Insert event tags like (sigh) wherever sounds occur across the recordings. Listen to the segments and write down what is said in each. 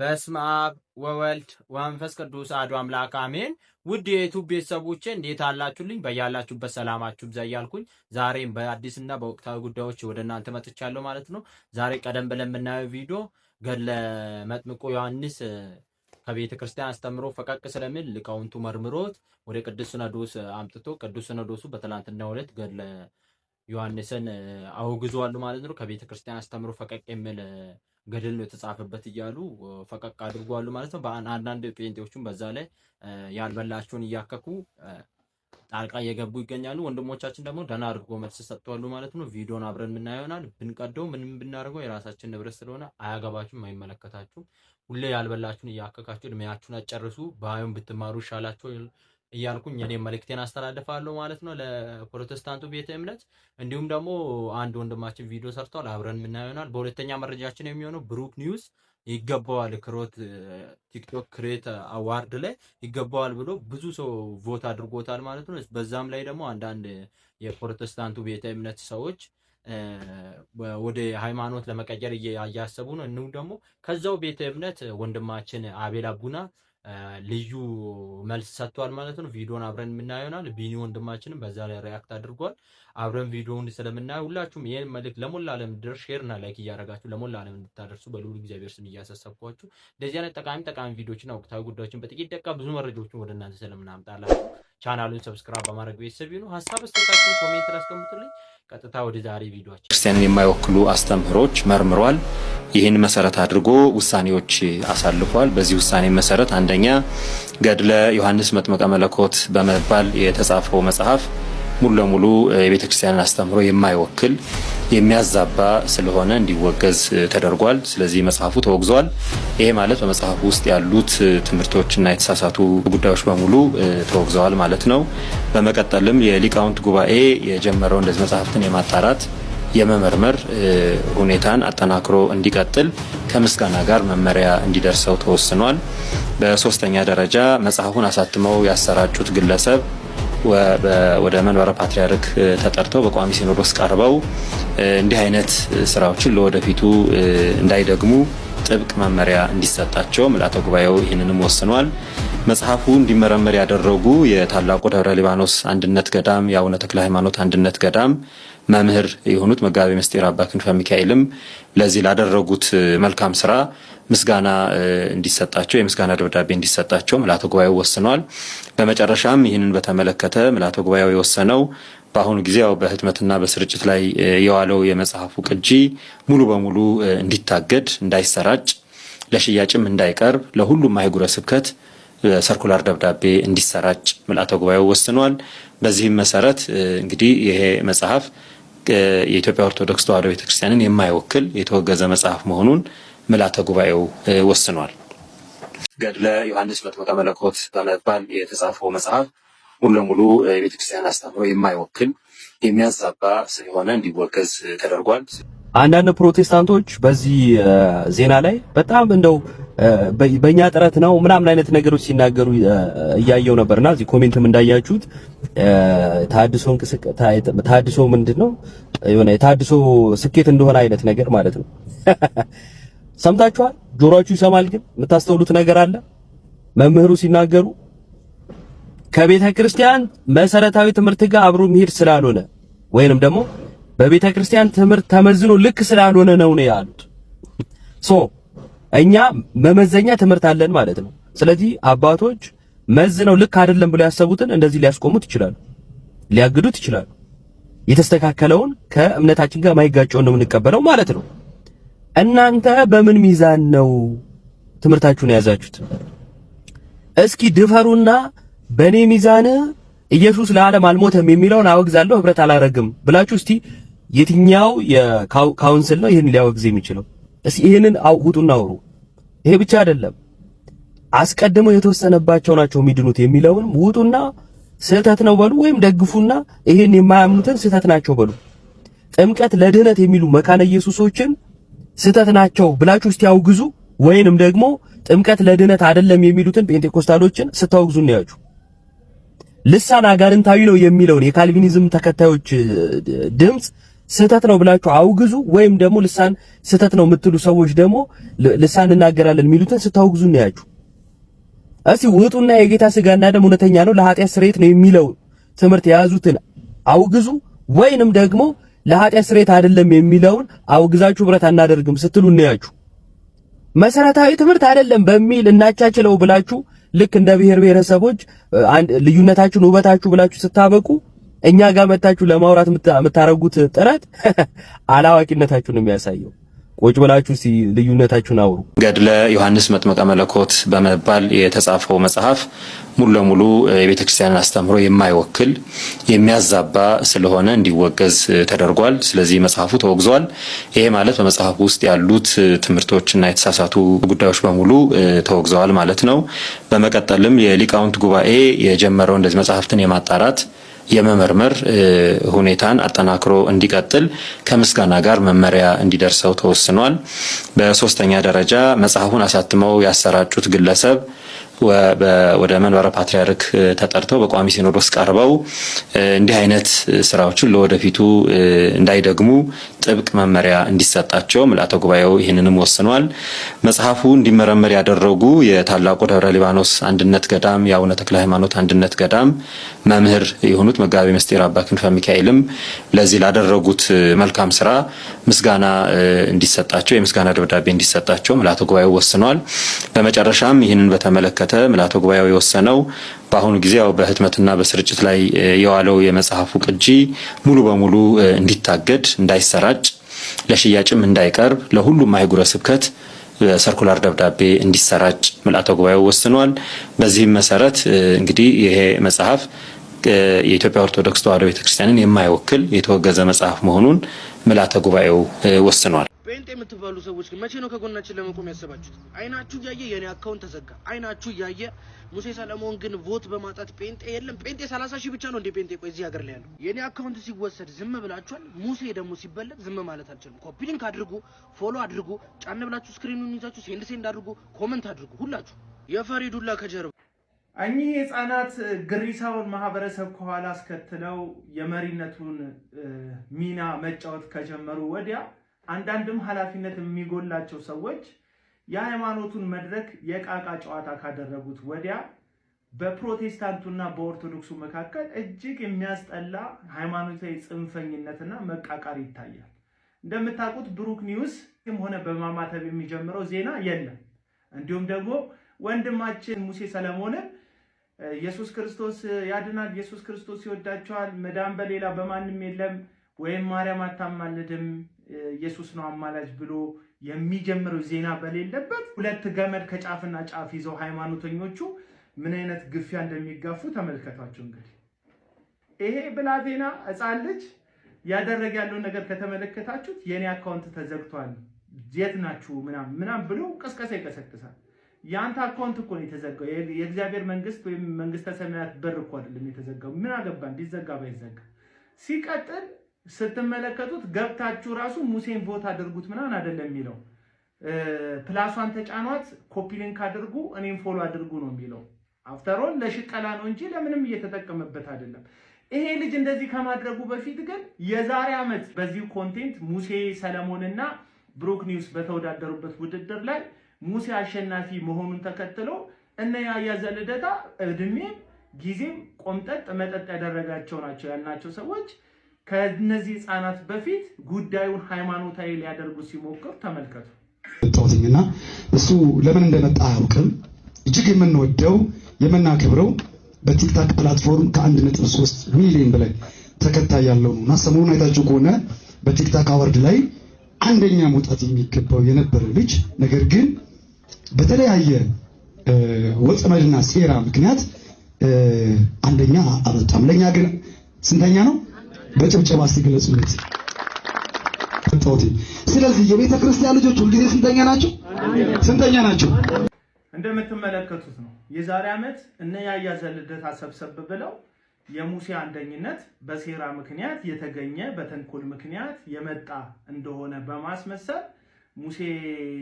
በስመ አብ ወወልድ ወመንፈስ ቅዱስ አሐዱ አምላክ አሜን። ውድ የዩቱብ ቤተሰቦቼ እንዴት አላችሁልኝ? በያላችሁበት ሰላማችሁ ብዛ እያልኩኝ ዛሬም በአዲስና በወቅታዊ ጉዳዮች ወደ እናንተ መጥቻለሁ ማለት ነው። ዛሬ ቀደም ብለን የምናየው ቪዲዮ ገድለ መጥምቁ ዮሐንስ ከቤተ ክርስቲያን አስተምሮ ፈቀቅ ስለሚል ሊቃውንቱ መርምሮት ወደ ቅዱስ ሲኖዶስ አምጥቶ ቅዱስ ሲኖዶሱ በትናንትናው ዕለት ገድለ ዮሐንስን አውግዟሉ ማለት ነው። ከቤተ ክርስቲያን አስተምሮ ፈቀቅ የሚል ገድል ነው የተጻፈበት እያሉ ፈቀቅ አድርጓሉ ማለት ነው። አንዳንድ ጴንጤዎቹም በዛ ላይ ያልበላቸውን እያከኩ ጣልቃ እየገቡ ይገኛሉ። ወንድሞቻችን ደግሞ ደህና አድርጎ መልስ ሰጥተዋሉ ማለት ነው። ቪዲዮን አብረን የምናየው ይሆናል። ብንቀደው ምንም ብናደርገው የራሳችን ንብረት ስለሆነ አያገባችሁም፣ አይመለከታችሁም። ሁሌ ያልበላችሁን እያከካችሁ እድሜያችሁን አጨርሱ። በአዩን ብትማሩ ይሻላቸው እያልኩኝ እኔ መልእክቴን አስተላልፋለሁ ማለት ነው ለፕሮቴስታንቱ ቤተ እምነት። እንዲሁም ደግሞ አንድ ወንድማችን ቪዲዮ ሰርቷል፣ አብረን የምናየው ይሆናል። በሁለተኛ መረጃችን የሚሆነው ብሩክ ኒውስ ይገባዋል ክሮት ቲክቶክ ክሬት አዋርድ ላይ ይገባዋል ብሎ ብዙ ሰው ቮት አድርጎታል ማለት ነው። በዛም ላይ ደግሞ አንዳንድ የፕሮቴስታንቱ ቤተ እምነት ሰዎች ወደ ሃይማኖት ለመቀየር እያሰቡ ነው። እንዲሁም ደግሞ ከዛው ቤተ እምነት ወንድማችን አቤል አቡና ልዩ መልስ ሰጥቷል ማለት ነው። ቪዲዮን አብረን የምናየው ይሆናል። ቢኒ ወንድማችንም በዛ ላይ ሪያክት አድርጓል። አብረን ቪዲዮውን ስለምናየው ሁላችሁም ይህን መልእክት ለሞላ ዓለም እንዲደርስ ሼር እና ላይክ እያደረጋችሁ ለሞላ ዓለም እንድታደርሱ በልዑል እግዚአብሔር ስም እያሳሰብኳችሁ እንደዚህ አይነት ጠቃሚ ጠቃሚ ቪዲዮዎችና ወቅታዊ ጉዳዮችን በጥቂት ደቂቃ ብዙ መረጃዎችን ወደ እናንተ ስለምናምጣላችሁ ቻናሉን ሰብስክራይብ በማድረግ ቤተሰብ ይሁኑ። ሀሳብ አስተያየታችሁን ኮሜንት ላስቀምጡልኝ። ቀጥታ ወደ ዛሬ ቪዲዮችን ክርስቲያንን የማይወክሉ አስተምህሮች መርምሯል። ይህን መሰረት አድርጎ ውሳኔዎች አሳልፏል። በዚህ ውሳኔ መሰረት አንደኛ ገድለ ዮሐንስ መጥመቀ መለኮት በመባል የተጻፈው መጽሐፍ ሙሉ ለሙሉ የቤተ ክርስቲያንን አስተምሮ የማይወክል የሚያዛባ ስለሆነ እንዲወገዝ ተደርጓል። ስለዚህ መጽሐፉ ተወግዟል። ይሄ ማለት በመጽሐፉ ውስጥ ያሉት ትምህርቶችና የተሳሳቱ ጉዳዮች በሙሉ ተወግዘዋል ማለት ነው። በመቀጠልም የሊቃውንት ጉባኤ የጀመረው እንደዚህ መጽሐፍትን የማጣራት የመመርመር ሁኔታን አጠናክሮ እንዲቀጥል ከምስጋና ጋር መመሪያ እንዲደርሰው ተወስኗል። በሶስተኛ ደረጃ መጽሐፉን አሳትመው ያሰራጩት ግለሰብ ወደ መንበረ ፓትርያርክ ተጠርተው በቋሚ ሲኖዶስ ቀርበው እንዲህ አይነት ስራዎችን ለወደፊቱ እንዳይደግሙ ጥብቅ መመሪያ እንዲሰጣቸው ምልአተ ጉባኤው ይህንንም ወስኗል። መጽሐፉ እንዲመረመር ያደረጉ የታላቁ ደብረ ሊባኖስ አንድነት ገዳም፣ የአቡነ ተክለ ሃይማኖት አንድነት ገዳም መምህር የሆኑት መጋቤ ምስጢር አባ ክንፈ ሚካኤልም ለዚህ ላደረጉት መልካም ስራ ምስጋና እንዲሰጣቸው የምስጋና ደብዳቤ እንዲሰጣቸው ምልዓተ ጉባኤው ወስኗል። በመጨረሻም ይህንን በተመለከተ ምልዓተ ጉባኤው የወሰነው በአሁኑ ጊዜ ያው በህትመትና በስርጭት ላይ የዋለው የመጽሐፉ ቅጂ ሙሉ በሙሉ እንዲታገድ፣ እንዳይሰራጭ፣ ለሽያጭም እንዳይቀርብ ለሁሉም አህጉረ ስብከት ሰርኩላር ደብዳቤ እንዲሰራጭ ምልዓተ ጉባኤው ወስኗል። በዚህም መሰረት እንግዲህ ይሄ መጽሐፍ የኢትዮጵያ ኦርቶዶክስ ተዋሕዶ ቤተክርስቲያንን የማይወክል የተወገዘ መጽሐፍ መሆኑን ምልዓተ ጉባኤው ወስኗል። ገድለ ዮሐንስ መጥምቀ መለኮት በመባል የተጻፈው መጽሐፍ ሙሉ ለሙሉ የቤተክርስቲያን አስተምሮ የማይወክል የሚያዛባ ስለሆነ እንዲወገዝ ተደርጓል። አንዳንድ ፕሮቴስታንቶች በዚህ ዜና ላይ በጣም እንደው በእኛ ጥረት ነው ምናምን አይነት ነገሮች ሲናገሩ እያየው ነበርና እዚህ ኮሜንትም እንዳያችሁት ታድሶ ታድሶ ምንድን ነው የሆነ የታድሶ ስኬት እንደሆነ አይነት ነገር ማለት ነው። (laughs) ሰምታችኋል። ጆሮአችሁ ይሰማል፣ ግን የምታስተውሉት ነገር አለ። መምህሩ ሲናገሩ ከቤተ ክርስቲያን መሰረታዊ ትምህርት ጋር አብሮ መሄድ ስላልሆነ ወይንም ደግሞ በቤተ ክርስቲያን ትምህርት ተመዝኖ ልክ ስላልሆነ ነው ነው ያሉት። እኛ መመዘኛ ትምህርት አለን ማለት ነው። ስለዚህ አባቶች መዝነው ልክ አይደለም ብለው ያሰቡትን እንደዚህ ሊያስቆሙት ይችላሉ፣ ሊያግዱት ይችላሉ። የተስተካከለውን ከእምነታችን ጋር ማይጋጨውን ነው የምንቀበለው ማለት ነው። እናንተ በምን ሚዛን ነው ትምህርታችሁን የያዛችሁት? እስኪ ድፈሩና በኔ ሚዛን ኢየሱስ ለዓለም አልሞተም የሚለውን አወግዛለሁ ህብረት አላረግም ብላችሁ እስቲ የትኛው የካውንስል ነው ይህን ሊያወግዝ የሚችለው? እስኪ ይህንን አውጡና አውሩ። ይሄ ብቻ አይደለም፣ አስቀድመው የተወሰነባቸው ናቸው የሚድኑት የሚለውን ውጡና ስህተት ነው በሉ፣ ወይም ደግፉና ይህን የማያምኑትን ስህተት ናቸው በሉ። ጥምቀት ለድህነት የሚሉ መካነ ኢየሱሶችን ስህተት ናቸው ብላችሁ እስቲ አውግዙ። ወይንም ደግሞ ጥምቀት ለድህነት አይደለም የሚሉትን ጴንጤኮስታሎችን ስታወግዙ እናያችሁ። ልሳን አጋንንታዊ ነው የሚለውን የካልቪኒዝም ተከታዮች ድምፅ ስህተት ነው ብላችሁ አውግዙ። ወይም ደግሞ ልሳን ስህተት ነው የምትሉ ሰዎች ደግሞ ልሳን እናገራለን የሚሉትን ስታውግዙ እናያችሁ። እስቲ ውጡና የጌታ ስጋና ደም እውነተኛ ነው ለኃጢአት ስርየት ነው የሚለው ትምህርት የያዙትን አውግዙ። ወይንም ደግሞ ለኃጢአት ስርየት አይደለም የሚለውን አውግዛችሁ ብረት አናደርግም ስትሉ እናያችሁ። መሰረታዊ ትምህርት አይደለም በሚል እናቻችለው ብላችሁ ልክ እንደ ብሔር ብሔረሰቦች ልዩነታችሁን ውበታችሁ ብላችሁ ስታበቁ እኛ ጋር መታችሁ ለማውራት የምታረጉት ጥረት (laughs) አላዋቂነታችሁን የሚያሳየው። ቁጭ ብላችሁ ሲ ልዩነታችሁን አውሩ። ገድለ ዮሐንስ መጥመቀ መለኮት በመባል የተጻፈው መጽሐፍ ሙሉ ለሙሉ የቤተ ክርስቲያንን አስተምሮ የማይወክል የሚያዛባ ስለሆነ እንዲወገዝ ተደርጓል። ስለዚህ መጽሐፉ ተወግዟል። ይሄ ማለት በመጽሐፉ ውስጥ ያሉት ትምህርቶችና የተሳሳቱ ጉዳዮች በሙሉ ተወግዘዋል ማለት ነው። በመቀጠልም የሊቃውንት ጉባኤ የጀመረው እንደዚህ መጽሐፍትን የማጣራት የመመርመር ሁኔታን አጠናክሮ እንዲቀጥል ከምስጋና ጋር መመሪያ እንዲደርሰው ተወስኗል። በሶስተኛ ደረጃ መጽሐፉን አሳትመው ያሰራጩት ግለሰብ ወደ መንበረ ፓትርያርክ ተጠርተው በቋሚ ሲኖዶስ ቀርበው እንዲህ አይነት ስራዎችን ለወደፊቱ እንዳይደግሙ ጥብቅ መመሪያ እንዲሰጣቸው ምልአተ ጉባኤው ይህንንም ወስኗል። መጽሐፉ እንዲመረመር ያደረጉ የታላቁ ደብረ ሊባኖስ አንድነት ገዳም የአቡነ ተክለ ሃይማኖት አንድነት ገዳም መምህር የሆኑት መጋቢ ምስጢር አባ ክንፈ ሚካኤልም ለዚህ ላደረጉት መልካም ስራ ምስጋና እንዲሰጣቸው የምስጋና ደብዳቤ እንዲሰጣቸው ምልአተ ጉባኤው ወስኗል። በመጨረሻም ይህንን በተመለከተ ምልአተ ጉባኤው የወሰነው በአሁኑ ጊዜ ያው በህትመትና በስርጭት ላይ የዋለው የመጽሐፉ ቅጂ ሙሉ በሙሉ እንዲታገድ፣ እንዳይሰራጭ፣ ለሽያጭም እንዳይቀርብ ለሁሉም አህጉረ ስብከት ሰርኩላር ደብዳቤ እንዲሰራጭ ምልአተ ጉባኤው ወስኗል። በዚህም መሰረት እንግዲህ ይሄ መጽሐፍ የኢትዮጵያ ኦርቶዶክስ ተዋሕዶ ቤተክርስቲያንን የማይወክል የተወገዘ መጽሐፍ መሆኑን ምልአተ ጉባኤው ወስኗል። ጴንጤ የምትባሉ ሰዎች ግን መቼ ነው ከጎናችን ለመቆም ያሰባችሁት? አይናችሁ እያየ የኔ አካውንት ተዘጋ። አይናችሁ እያየ ሙሴ ሰለሞን ግን ቮት በማጣት ጴንጤ የለም። ጴንጤ ሰላሳ ሺህ ብቻ ነው እንዴ ጴንጤ? ቆይ እዚህ ሀገር ላይ ያለው የኔ አካውንት ሲወሰድ ዝም ብላችኋል። ሙሴ ደግሞ ሲበለጥ ዝም ማለት አልችልም። ኮፒ ሊንክ አድርጉ፣ ፎሎ አድርጉ፣ ጫን ብላችሁ ስክሪኑን ይዛችሁ ሴንድ ሴንድ አድርጉ፣ ኮመንት አድርጉ። ሁላችሁ የፈሪ ዱላ ከጀርባ እኚህ ህፃናት ግሪሳውን ማህበረሰብ ከኋላ አስከትለው የመሪነቱን ሚና መጫወት ከጀመሩ ወዲያ አንዳንድም ኃላፊነት የሚጎላቸው ሰዎች የሃይማኖቱን መድረክ የቃቃ ጨዋታ ካደረጉት ወዲያ በፕሮቴስታንቱና በኦርቶዶክሱ መካከል እጅግ የሚያስጠላ ሃይማኖታዊ ጽንፈኝነትና መቃቃር ይታያል። እንደምታውቁት ብሩክ ኒውስ ሆነ በማማተብ የሚጀምረው ዜና የለም። እንዲሁም ደግሞ ወንድማችን ሙሴ ሰለሞን ኢየሱስ ክርስቶስ ያድናል፣ ኢየሱስ ክርስቶስ ይወዳቸዋል፣ መዳን በሌላ በማንም የለም ወይም ማርያም አታማልድም ኢየሱስ ነው አማላጅ ብሎ የሚጀምረው ዜና በሌለበት ሁለት ገመድ ከጫፍና ጫፍ ይዘው ሃይማኖተኞቹ ምን አይነት ግፊያ እንደሚጋፉ ተመልከቷቸው። እንግዲህ ይሄ ብላቴና ሕፃን ልጅ ያደረገ ያለውን ነገር ከተመለከታችሁት የኔ አካውንት ተዘግቷል፣ የት ናችሁ? ምናም ምናም ብሎ ቅስቀሳ ይቀሰቅሳል። የአንተ አካውንት እኮ ነው የተዘጋው። የእግዚአብሔር መንግስት ወይም መንግስተ ሰማያት በር እኮ አይደለም የተዘጋው። ምን አገባ እንዲዘጋ ባይዘጋ። ሲቀጥል ስትመለከቱት ገብታችሁ ራሱ ሙሴን ቮት አድርጉት ምናምን አይደለም የሚለው። ፕላሷን ተጫኗት፣ ኮፒ ሊንክ አድርጉ፣ እኔም ፎሎ አድርጉ ነው የሚለው። አፍተሮን ለሽቀላ ነው እንጂ ለምንም እየተጠቀመበት አይደለም። ይሄ ልጅ እንደዚህ ከማድረጉ በፊት ግን የዛሬ ዓመት በዚህ ኮንቴንት ሙሴ ሰለሞንና ብሩክ ኒውስ በተወዳደሩበት ውድድር ላይ ሙሴ አሸናፊ መሆኑን ተከትሎ እነ ያያ ዘልደታ እድሜ ጊዜም ቆምጠጥ መጠጥ ያደረጋቸው ናቸው ያልናቸው ሰዎች ከነዚህ ህፃናት በፊት ጉዳዩን ሃይማኖታዊ ሊያደርጉ ሲሞክር ተመልከቱ። ጠውትኝና እሱ ለምን እንደመጣ አያውቅም። እጅግ የምንወደው የምናከብረው በቲክታክ ፕላትፎርም ከአንድ ነጥብ ሶስት ሚሊዮን በላይ ተከታይ ያለው ነው እና ሰሞኑን አይታችሁ ከሆነ በቲክታክ አዋርድ ላይ አንደኛ መውጣት የሚገባው የነበረ ልጅ ነገር ግን በተለያየ ወጥመድና ሴራ ምክንያት አንደኛ አልወጣም። ለእኛ ግን ስንተኛ ነው? በጭብጨባ ሲገለጹለት ተውቴ። ስለዚህ የቤተ ክርስቲያን ልጆች ሁልጊዜ ስንተኛ ናቸው? ስንተኛ ናቸው? እንደምትመለከቱት ነው። የዛሬ ዓመት እነ ያያዘ ልደታ ሰብሰብ ብለው የሙሴ አንደኝነት በሴራ ምክንያት የተገኘ በተንኮል ምክንያት የመጣ እንደሆነ በማስመሰል ሙሴ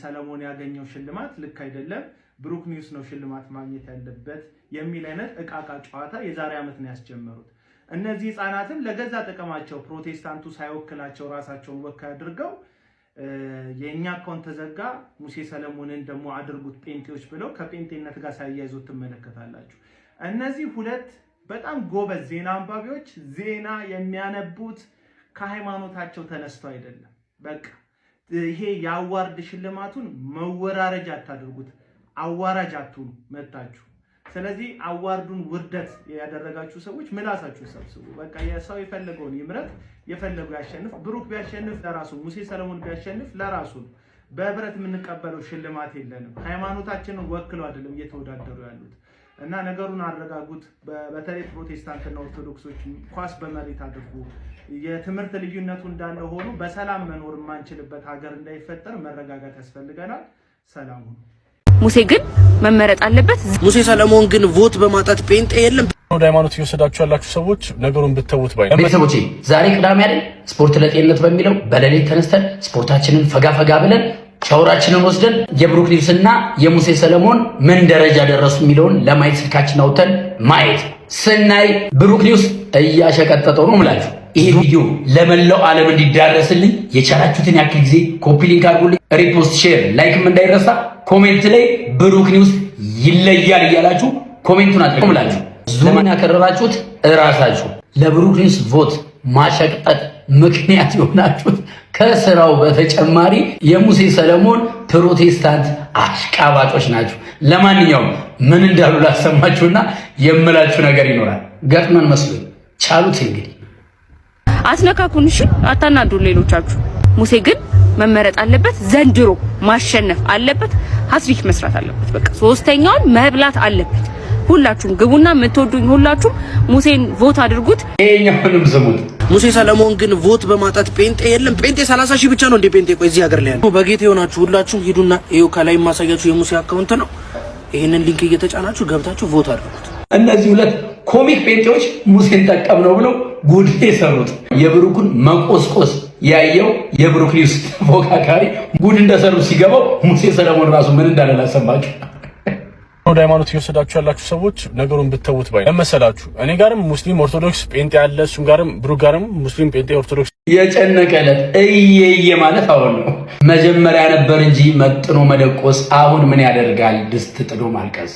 ሰለሞን ያገኘው ሽልማት ልክ አይደለም፣ ብሩክ ኒውስ ነው ሽልማት ማግኘት ያለበት የሚል አይነት እቃቃ ጨዋታ የዛሬ ዓመት ነው ያስጀመሩት። እነዚህ ህጻናትም ለገዛ ጥቅማቸው ፕሮቴስታንቱ ሳይወክላቸው ራሳቸውን ወካይ አድርገው የእኛ አካውንት ተዘጋ፣ ሙሴ ሰለሞንን ደግሞ አድርጉት ጴንጤዎች ብለው ከጴንጤነት ጋር ሳያይዞት ትመለከታላችሁ። እነዚህ ሁለት በጣም ጎበዝ ዜና አንባቢዎች ዜና የሚያነቡት ከሃይማኖታቸው ተነስቶ አይደለም። በቃ ይሄ የአዋርድ ሽልማቱን መወራረጃ አታድርጉት፣ አዋራጅ አትሁኑ መታችሁ ስለዚህ አዋርዱን ውርደት ያደረጋችሁ ሰዎች ምላሳችሁ ሰብስቡ። በቃ የሰው የፈለገውን ይምረጥ፣ የፈለገው ያሸንፍ። ብሩክ ቢያሸንፍ ለራሱ፣ ሙሴ ሰለሞን ቢያሸንፍ ለራሱ ነው። በህብረት የምንቀበለው ሽልማት የለንም። ሃይማኖታችንን ወክለው አይደለም እየተወዳደሩ ያሉት እና ነገሩን አረጋጉት። በተለይ ፕሮቴስታንትና ኦርቶዶክሶች ኳስ በመሬት አድርጉ። የትምህርት ልዩነቱ እንዳለ ሆኖ በሰላም መኖር የማንችልበት ሀገር እንዳይፈጠር መረጋጋት ያስፈልገናል። ሰላም ሁኑ። ሙሴ ግን መመረጥ አለበት። ሙሴ ሰለሞን ግን ቮት በማጣት ጴንጤ የለም። ወደ ሃይማኖት እየወሰዳችሁ ያላችሁ ሰዎች ነገሩን ብትተውት ባይ። ቤተሰቦቼ ዛሬ ቅዳሜ አይደል? ስፖርት ለጤንነት በሚለው በሌሊት ተነስተን ስፖርታችንን ፈጋፈጋ ብለን ሻወራችንን ወስደን የብሩክ እና የሙሴ ሰለሞን ምን ደረጃ ደረሱ የሚለውን ለማየት ስልካችን አውጥተን ማየት ስናይ ብሩክ ሊቭስ እያሸቀጠጠው ነው ምላችሁ ይሄ ቪዲዮ ለመላው ዓለም እንዲዳረስልኝ የቻላችሁትን ያክል ጊዜ ኮፒ ሊንክ አድርጉልኝ። ሪፖስት፣ ሼር፣ ላይክም እንዳይረሳ። ኮሜንት ላይ ብሩክ ኒውስ ይለያል እያላችሁ ኮሜንቱን አጥቁምላችሁ ዙምን ያከረራችሁት እራሳችሁ ለብሩክ ኒውስ ቮት ማሸቅጠጥ ምክንያት የሆናችሁት ከስራው በተጨማሪ የሙሴ ሰለሞን ፕሮቴስታንት አሽቃባጮች ናችሁ። ለማንኛውም ምን እንዳሉ ላሰማችሁና የምላችሁ ነገር ይኖራል። ገጥመን መስሎኝ ቻሉት እንግዲህ አትነካኩን፣ እሺ ሌሎቻችሁ ሙሴ ግን መመረጥ አለበት፣ ዘንድሮ ማሸነፍ አለበት፣ ሀትሪክ መስራት አለበት። በቃ ሶስተኛውን መብላት አለበት። ሁላችሁም ግቡና የምትወዱኝ ሁላችሁም ሙሴን ቮት አድርጉት። ይሄኛውንም ስሙት። ሙሴ ሰለሞን ግን ቮት በማጣት ጴንጤ የለም። ጴንጤ 30 ሺህ ብቻ ነው እንደ ጴንጤ። ቆይ እዚህ ሀገር ላይ ያለው በጌታ የሆናችሁ ሁላችሁም ሂዱና ይኸው ከላይ የማሳያችሁ የሙሴ አካውንት ነው። ይህንን ሊንክ እየተጫናችሁ ገብታችሁ ቮት አድርጉት። እነዚህ ሁለት ኮሚክ ጴንጤዎች ሙሴን ጠቀም ነው ብለው ጉድ የሰሩት የብሩክን መቆስቆስ ያየው የብሩክ ሊውስ ተፎካካሪ ጉድ እንደሰሩት ሲገባው ሙሴ ሰለሞን ራሱ ምን እንዳለ ላሰማችሁ። ወደ ሃይማኖት እየወሰዳችሁ ያላችሁ ሰዎች ነገሩን ብትተውት ባይ መሰላችሁ። እኔ ጋርም ሙስሊም ኦርቶዶክስ ጴንጤ አለ፣ እሱም ጋርም ብሩክ ጋርም ሙስሊም ጴንጤ ኦርቶዶክስ የጨነቀለት እየየ ማለት አሁን ነው። መጀመሪያ ነበር እንጂ መጥኖ መደቆስ፣ አሁን ምን ያደርጋል ድስት ጥዶ ማልቀስ።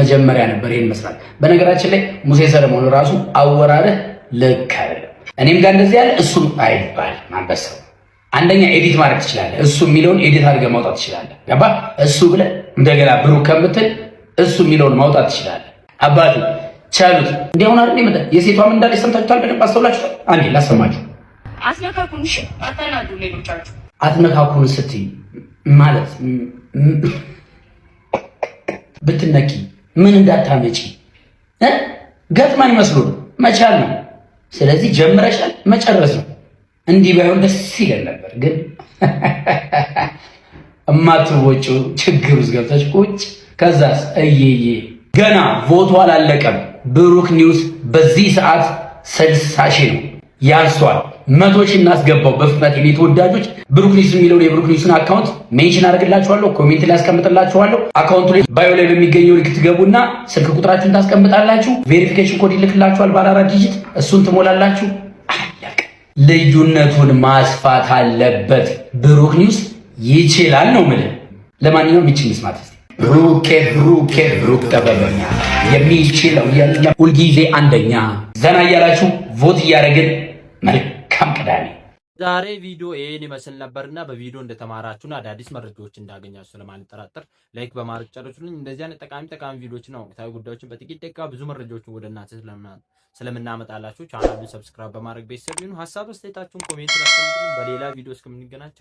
መጀመሪያ ነበር ይህን መስራት። በነገራችን ላይ ሙሴ ሰለሞን ራሱ አወራረህ ልክ አይደለም። እኔም ጋር እንደዚህ ያለ እሱም አይባል ማንበሰው አንደኛ ኤዲት ማድረግ ትችላለህ። እሱ የሚለውን ኤዲት አድርገህ ማውጣት ትችላለህ። ገባ እሱ ብለህ እንደገና ብሩክ ከምትል እሱ የሚለውን ማውጣት ትችላለህ። አባቱ ቻሉት እንዲሁን አይደል ይመጣ የሴቷም እንዳለ ሰምታችኋል። በደንብ አስተውላችኋል። አንዴ ላሰማችሁ። አትነካኩን፣ እሺ አታናዱ፣ ሌሎቻችሁ አትነካኩን ስትይ ማለት ብትነኪ ምን እንዳታመጪ ገጥማን ይመስሉ መቻል ነው ስለዚህ ጀምረሻል መጨረስ ነው። እንዲህ ባይሆን ደስ ይለን ነበር፣ ግን (laughs) እማትወጪው ችግር ውስጥ ገብተሽ ቁጭ። ከዛስ እየዬ ገና ቮቱ አላለቀም። ብሩክ ኒውስ በዚህ ሰዓት ስልሳ ሺህ ነው ያንሷል። መቶ ሺህ እናስገባው በፍጥነት የኔ ተወዳጆች። ብሩክሊስ የሚለውን የብሩክሊሱን አካውንት ሜንሽን አድርግላችኋለሁ፣ ኮሜንት ላይ ያስቀምጥላችኋለሁ። አካውንቱ ላይ ባዮ ላይ በሚገኘው ልክ ትገቡና ስልክ ቁጥራችሁን ታስቀምጣላችሁ። ቬሪፊኬሽን ኮድ ይልክላችኋል፣ ባለ አራት ዲጂት እሱን ትሞላላችሁ። ልዩነቱን ማስፋት አለበት። ኒውስ ይችላል ነው የምልህ። ለማንኛውም ይችን ስማት ብሩኬ ብሩኬ ብሩክ ጠበበኛ የሚችለው የለም፣ ሁልጊዜ አንደኛ። ዘና እያላችሁ ቮት እያደረግን መልክ መልካም ቅዳሜ። ዛሬ ቪዲዮ ይህን ይመስል ነበርና በቪዲዮ እንደተማራችሁና አዳዲስ መረጃዎች እንዳገኛችሁ ስለማንጠራጠር ላይክ በማድረግ ጨርሱልኝ። እንደዚህ አይነት ጠቃሚ ጠቃሚ ነው ወቅታዊ ጉዳዮችን በጥቂት ደቂቃ ብዙ መረጃዎችን ወደ እናንተ ስለምናመጣላችሁ ቻናሉን ሰብስክራይብ በማድረግ ቤተሰብ ሀሳብ አስተያየታችሁን ኮሜንት ላስቀምጡልኝ። በሌላ ቪዲዮ እስከምንገናኝ